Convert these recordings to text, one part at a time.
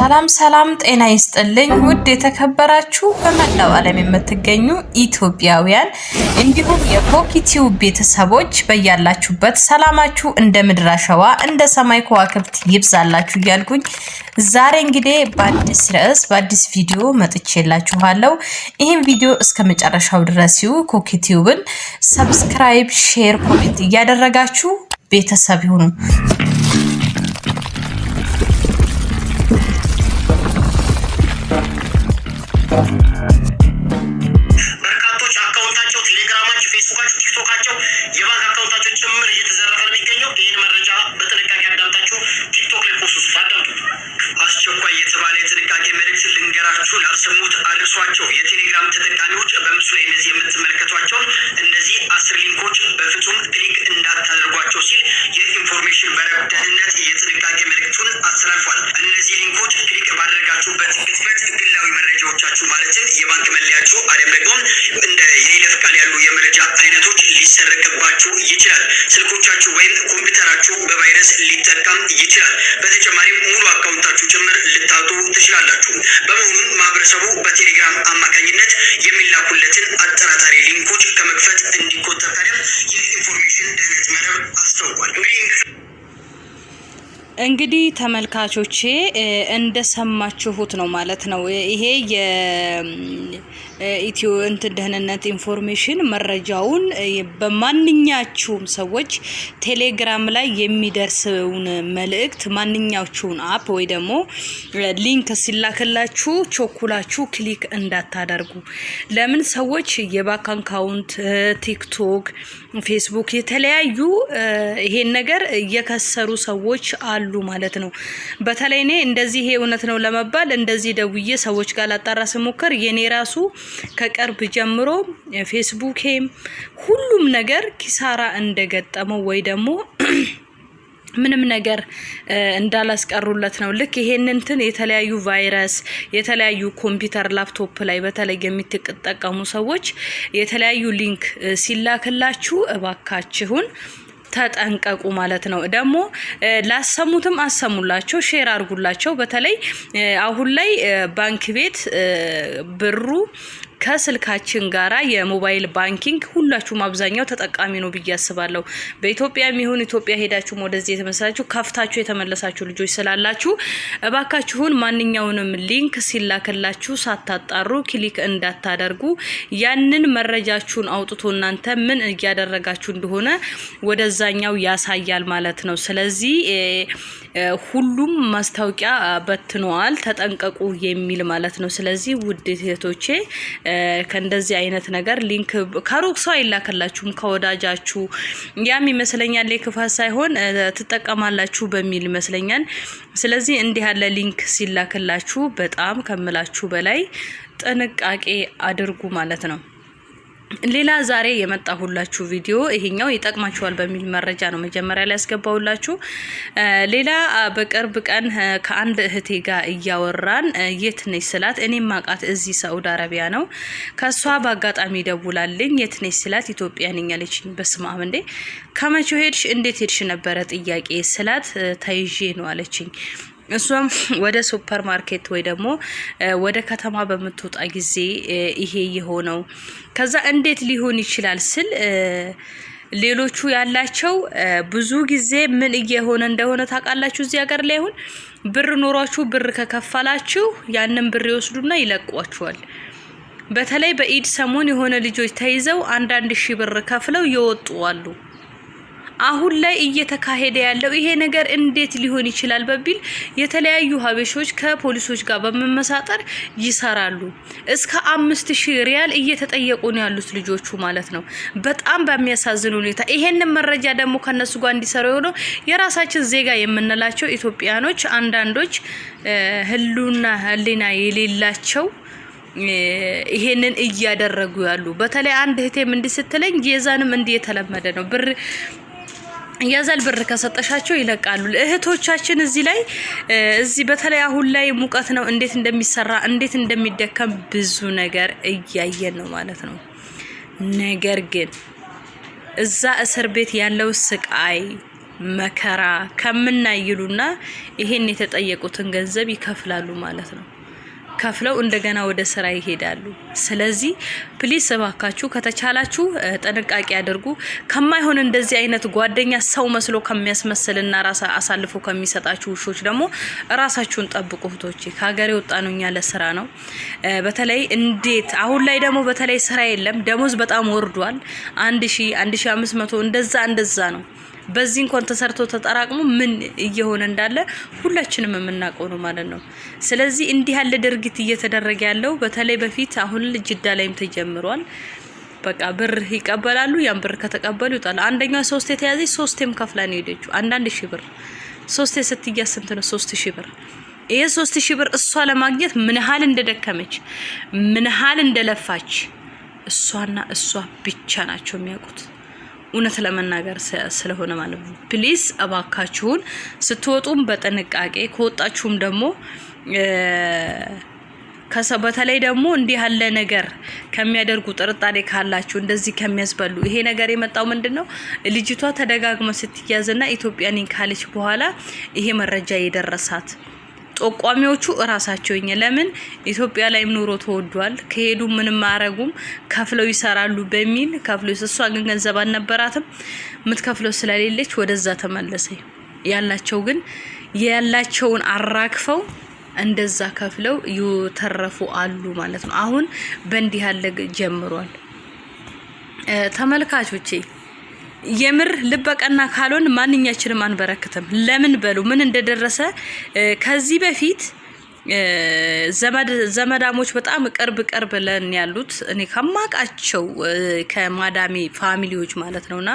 ሰላም ሰላም፣ ጤና ይስጥልኝ ውድ የተከበራችሁ በመላው ዓለም የምትገኙ ኢትዮጵያውያን እንዲሁም የኮኪቲው ቤተሰቦች በያላችሁበት ሰላማችሁ እንደ ምድር አሸዋ እንደ ሰማይ ከዋክብት ይብዛላችሁ እያልኩኝ ዛሬ እንግዲህ በአዲስ ርዕስ በአዲስ ቪዲዮ መጥቼላችኋለሁ። ይህም ቪዲዮ እስከ መጨረሻው ድረስ ይዩ። ኮኪቲውብን ሰብስክራይብ፣ ሼር፣ ኮሜንት እያደረጋችሁ ቤተሰብ ይሁኑ። to win እንግዲህ ተመልካቾቼ እንደሰማችሁት ነው ማለት ነው። ይሄ የኢትዮ እንትን ደህንነት ኢንፎርሜሽን መረጃውን በማንኛችሁም ሰዎች ቴሌግራም ላይ የሚደርስውን መልእክት ማንኛችሁን አፕ ወይ ደግሞ ሊንክ ሲላክላችሁ ቾኩላችሁ ክሊክ እንዳታደርጉ። ለምን ሰዎች የባንክ አካውንት፣ ቲክቶክ፣ ፌስቡክ የተለያዩ ይሄን ነገር እየከሰሩ ሰዎች አሉ አሉ ማለት ነው። በተለይ እኔ እንደዚህ ይሄ እውነት ነው ለመባል እንደዚህ ደውዬ ሰዎች ጋር ላጣራ ስሞክር የኔ ራሱ ከቅርብ ጀምሮ ፌስቡኬም ሁሉም ነገር ኪሳራ እንደገጠመው ወይ ደግሞ ምንም ነገር እንዳላስቀሩለት ነው። ልክ እንትን የተለያዩ ቫይረስ የተለያዩ ኮምፒውተር ላፕቶፕ ላይ በተለይ የምትጠቀሙ ሰዎች የተለያዩ ሊንክ ሲላክላችሁ እባካችሁን ተጠንቀቁ ማለት ነው። ደግሞ ላሰሙትም አሰሙላቸው፣ ሼር አድርጉላቸው። በተለይ አሁን ላይ ባንክ ቤት ብሩ ከስልካችን ጋራ የሞባይል ባንኪንግ ሁላችሁም አብዛኛው ተጠቃሚ ነው ብዬ አስባለሁ። በኢትዮጵያ የሚሆን ኢትዮጵያ ሄዳችሁ ወደዚህ የተመሰላችሁ ከፍታችሁ የተመለሳችሁ ልጆች ስላላችሁ እባካችሁን ማንኛውንም ሊንክ ሲላክላችሁ ሳታጣሩ ክሊክ እንዳታደርጉ። ያንን መረጃችሁን አውጥቶ እናንተ ምን እያደረጋችሁ እንደሆነ ወደዛኛው ያሳያል ማለት ነው። ስለዚህ ሁሉም ማስታወቂያ በትነዋል፣ ተጠንቀቁ የሚል ማለት ነው። ስለዚህ ውድ እህቶቼ ከእንደዚህ አይነት ነገር ሊንክ ከሩቅ ሰው አይላከላችሁም። ከወዳጃችሁ ያም ይመስለኛል የክፋት ሳይሆን ትጠቀማላችሁ በሚል ይመስለኛል። ስለዚህ እንዲህ ያለ ሊንክ ሲላክላችሁ በጣም ከምላችሁ በላይ ጥንቃቄ አድርጉ ማለት ነው። ሌላ ዛሬ የመጣሁላችሁ ቪዲዮ ይሄኛው ይጠቅማችኋል በሚል መረጃ ነው መጀመሪያ ላይ ያስገባሁላችሁ። ሌላ በቅርብ ቀን ከአንድ እህቴ ጋር እያወራን የት ነች ስላት እኔ ማቃት እዚህ ሳውዲ አረቢያ ነው። ከሷ በአጋጣሚ ደውላልኝ የት ነች ስላት ኢትዮጵያ ነኝ አለችኝ። በስማም እንዴ ከመቼው ሄድሽ? እንዴት ሄድሽ ነበረ ጥያቄ ስላት ተይዤ ነው አለችኝ። እሷም ወደ ሱፐር ማርኬት ወይ ደግሞ ወደ ከተማ በምትወጣ ጊዜ ይሄ የሆነው ከዛ እንዴት ሊሆን ይችላል ስል ሌሎቹ ያላቸው ብዙ ጊዜ ምን እየሆነ እንደሆነ ታውቃላችሁ። እዚህ ሀገር ላይ አሁን ብር ኖሯችሁ ብር ከከፈላችሁ ያንን ብር ይወስዱና ይለቋችኋል። በተለይ በኢድ ሰሞን የሆነ ልጆች ተይዘው አንዳንድ ሺህ ብር ከፍለው የወጡ አሉ። አሁን ላይ እየተካሄደ ያለው ይሄ ነገር እንዴት ሊሆን ይችላል በሚል የተለያዩ ሀበሾች ከፖሊሶች ጋር በመመሳጠር ይሰራሉ። እስከ አምስት ሺህ ሪያል እየተጠየቁ ነው ያሉት ልጆቹ ማለት ነው። በጣም በሚያሳዝን ሁኔታ ይሄንን መረጃ ደግሞ ከነሱ ጋር እንዲሰሩ የሆነው የራሳችን ዜጋ የምንላቸው ኢትዮጵያኖች አንዳንዶች ህሉና ህሊና የሌላቸው ይሄንን እያደረጉ ያሉ በተለይ አንድ እህቴም እንዲህ ስትለኝ የዛንም እንዲህ የተለመደ ነው ብር ያዘል ብር ከሰጠሻቸው ይለቃሉ። እህቶቻችን እዚህ ላይ እዚህ በተለይ አሁን ላይ ሙቀት ነው፣ እንዴት እንደሚሰራ እንዴት እንደሚደከም ብዙ ነገር እያየን ነው ማለት ነው። ነገር ግን እዛ እስር ቤት ያለው ስቃይ መከራ ከምናይሉና ይሄን የተጠየቁትን ገንዘብ ይከፍላሉ ማለት ነው። ከፍለው እንደገና ወደ ስራ ይሄዳሉ። ስለዚህ ፕሊስ እባካችሁ ከተቻላችሁ ጥንቃቄ አድርጉ። ከማይሆን እንደዚህ አይነት ጓደኛ ሰው መስሎ ከሚያስመስልና ራሳ አሳልፎ ከሚሰጣችሁ ውሾች ደግሞ ራሳችሁን ጠብቁ። እህቶቼ ከሀገር የወጣ ነው እኛ ለስራ ነው። በተለይ እንዴት አሁን ላይ ደግሞ በተለይ ስራ የለም፣ ደሞዝ በጣም ወርዷል። አንድ ሺ አንድ ሺ አምስት መቶ እንደዛ እንደዛ ነው በዚህ እንኳን ተሰርቶ ተጠራቅሞ ምን እየሆነ እንዳለ ሁላችንም የምናውቀው ነው ማለት ነው። ስለዚህ እንዲህ ያለ ድርጊት እየተደረገ ያለው በተለይ በፊት አሁን ጅዳ ላይም ተጀምሯል። በቃ ብር ይቀበላሉ። ያን ብር ከተቀበሉ ይወጣሉ። አንደኛው ሶስት የተያዘ ሶስቴም ከፍላ ነው የሄደችው። አንዳንድ ሺህ ብር ሶስቴ ስትያዝ ስንት ነው? ሶስት ሺህ ብር ይሄ ሶስት ሺህ ብር እሷ ለማግኘት ምን ያህል እንደደከመች ምን ያህል እንደለፋች እሷና እሷ ብቻ ናቸው የሚያውቁት። እውነት ለመናገር ስለሆነ ማለት ነው። ፕሊስ እባካችሁን ስትወጡም በጥንቃቄ ከወጣችሁም ደግሞ በተለይ ደግሞ እንዲህ ያለ ነገር ከሚያደርጉ ጥርጣሬ ካላችሁ እንደዚህ ከሚያስበሉ ይሄ ነገር የመጣው ምንድን ነው? ልጅቷ ተደጋግማ ስትያዝና ኢትዮጵያን ካለች በኋላ ይሄ መረጃ የደረሳት ጠቋሚዎቹ እራሳቸው እኛ ለምን ኢትዮጵያ ላይም ኑሮ ተወዷል። ከሄዱ ምንም አረጉም ከፍለው ይሰራሉ በሚል ከፍለው እሷ ግን ገንዘብ አልነበራትም። የምትከፍለው ስለሌለች ወደዛ ተመለሰ። ያላቸው ግን ያላቸውን አራክፈው እንደዛ ከፍለው የተረፉ አሉ ማለት ነው። አሁን በእንዲህ ያለ ጀምሯል። ተመልካቾቼ የምር ልበቀና ካልሆን ማንኛችንም አንበረክትም። ለምን በሉ ምን እንደደረሰ ከዚህ በፊት ዘመዳሞች በጣም ቅርብ ቅርብ ለን ያሉት እኔ ከማቃቸው ከማዳሜ ፋሚሊዎች ማለት ነውና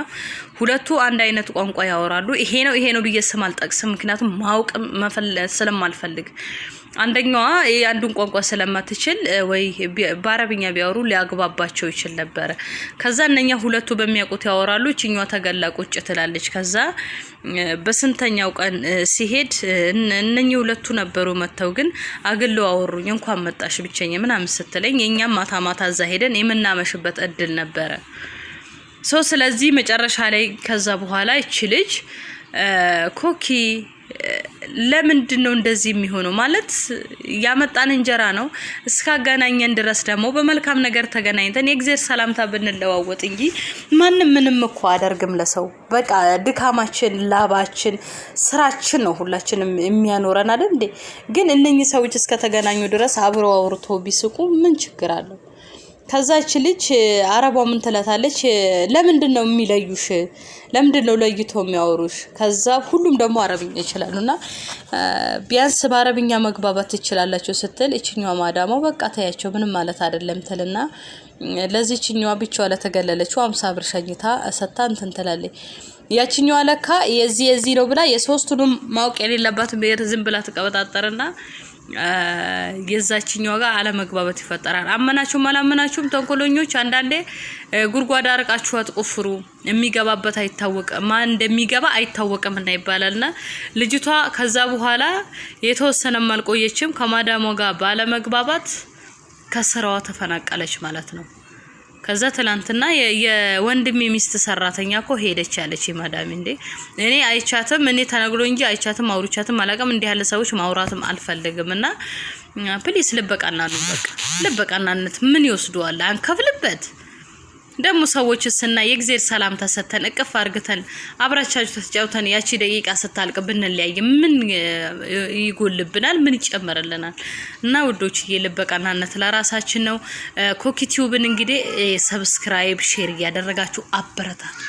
ሁለቱ አንድ አይነት ቋንቋ ያወራሉ። ይሄ ነው ይሄ ነው ብዬ ስም አልጠቅስም፣ ምክንያቱም ማወቅ ስለማልፈልግ አንደኛዋ የአንዱን ቋንቋ ስለማትችል ወይ በአረብኛ ቢያወሩ ሊያግባባቸው ይችል ነበረ። ከዛ እነኛ ሁለቱ በሚያውቁት ያወራሉ፣ እችኛዋ ተገላ ቁጭ ትላለች። ከዛ በስንተኛው ቀን ሲሄድ እነኚህ ሁለቱ ነበሩ መጥተው ግን አግለው አወሩኝ። እንኳን መጣሽ ብቸኝ ምናምን ስትለኝ የእኛም ማታ ማታ እዛ ሄደን የምናመሽበት እድል ነበረ። ሰው ስለዚህ መጨረሻ ላይ ከዛ በኋላ ይች ልጅ ኮኪ ለምንድን ነው እንደዚህ የሚሆነው? ማለት ያመጣን እንጀራ ነው። እስካገናኘን ድረስ ደግሞ በመልካም ነገር ተገናኝተን የእግዜር ሰላምታ ብንለዋወጥ እንጂ ማንም ምንም እኮ አደርግም ለሰው በቃ ድካማችን፣ ላባችን፣ ስራችን ነው ሁላችንም የሚያኖረን አይደል እንዴ? ግን እነኚህ ሰዎች እስከተገናኙ ድረስ አብረው አውርቶ ቢስቁ ምን ችግር አለው? ከዛች ልጅ አረቧ ምን ትላታለች? ለምንድን ነው የሚለዩሽ? ለምንድን ነው ለይቶ የሚያወሩሽ? ከዛ ሁሉም ደግሞ አረብኛ ይችላሉ እና ቢያንስ በአረብኛ መግባባት ትችላላቸው ስትል እችኛዋ ማዳማው በቃ ተያቸው ምንም ማለት አይደለም ትልና ለዚህ እችኛዋ ብቻዋ ለተገለለችው አምሳ ብር ሸኝታ ሰታ እንትን ትላለች። ያችኛዋ ለካ የዚህ የዚህ ነው ብላ የሶስቱንም ማወቅ የሌለባት ዝም ብላ ትቀበጣጠርና የዛችኛው ጋር አለመግባባት ይፈጠራል። አመናችሁም አላመናችሁም ተንኮለኞች አንዳንዴ ጉድጓድ አርቃችሁ አትቆፍሩ፣ የሚገባበት አይታወቅም፣ ማን እንደሚገባ አይታወቅም እና ይባላልና ልጅቷ ከዛ በኋላ የተወሰነም አልቆየችም ከማዳሟ ጋር ባለመግባባት ከስራዋ ተፈናቀለች ማለት ነው። ከዛ ትላንትና የወንድሜ ሚስት ሰራተኛ ኮ ሄደች ያለች ማዳም፣ እንዴ እኔ አይቻትም፣ እኔ ተነግሮ እንጂ አይቻትም፣ አውሩቻትም አላውቅም። እንዲህ ያለ ሰዎች ማውራትም አልፈልግም። እና ፕሊስ ልበቃና ልበቃ ልበቃናነት ምን ይወስደዋል? አንከፍልበት ደግሞ ሰዎች ስና የእግዜር ሰላምታ ሰተን እቅፍ አርግተን አብራቻችሁ ተጫውተን ያቺ ደቂቃ ስታልቅ ብንለያየ ምን ይጎልብናል? ምን ይጨመርልናል? እና ውዶች የልበቃናነት ለራሳችን ነው። ኮኪቲዩብን እንግዲህ ሰብስክራይብ፣ ሼር እያደረጋችሁ አበረታቱ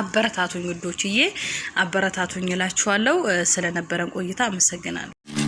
አበረታቱኝ ውዶችዬ፣ አበረታቱኝ እላችኋለሁ። ስለነበረን ቆይታ አመሰግናለሁ።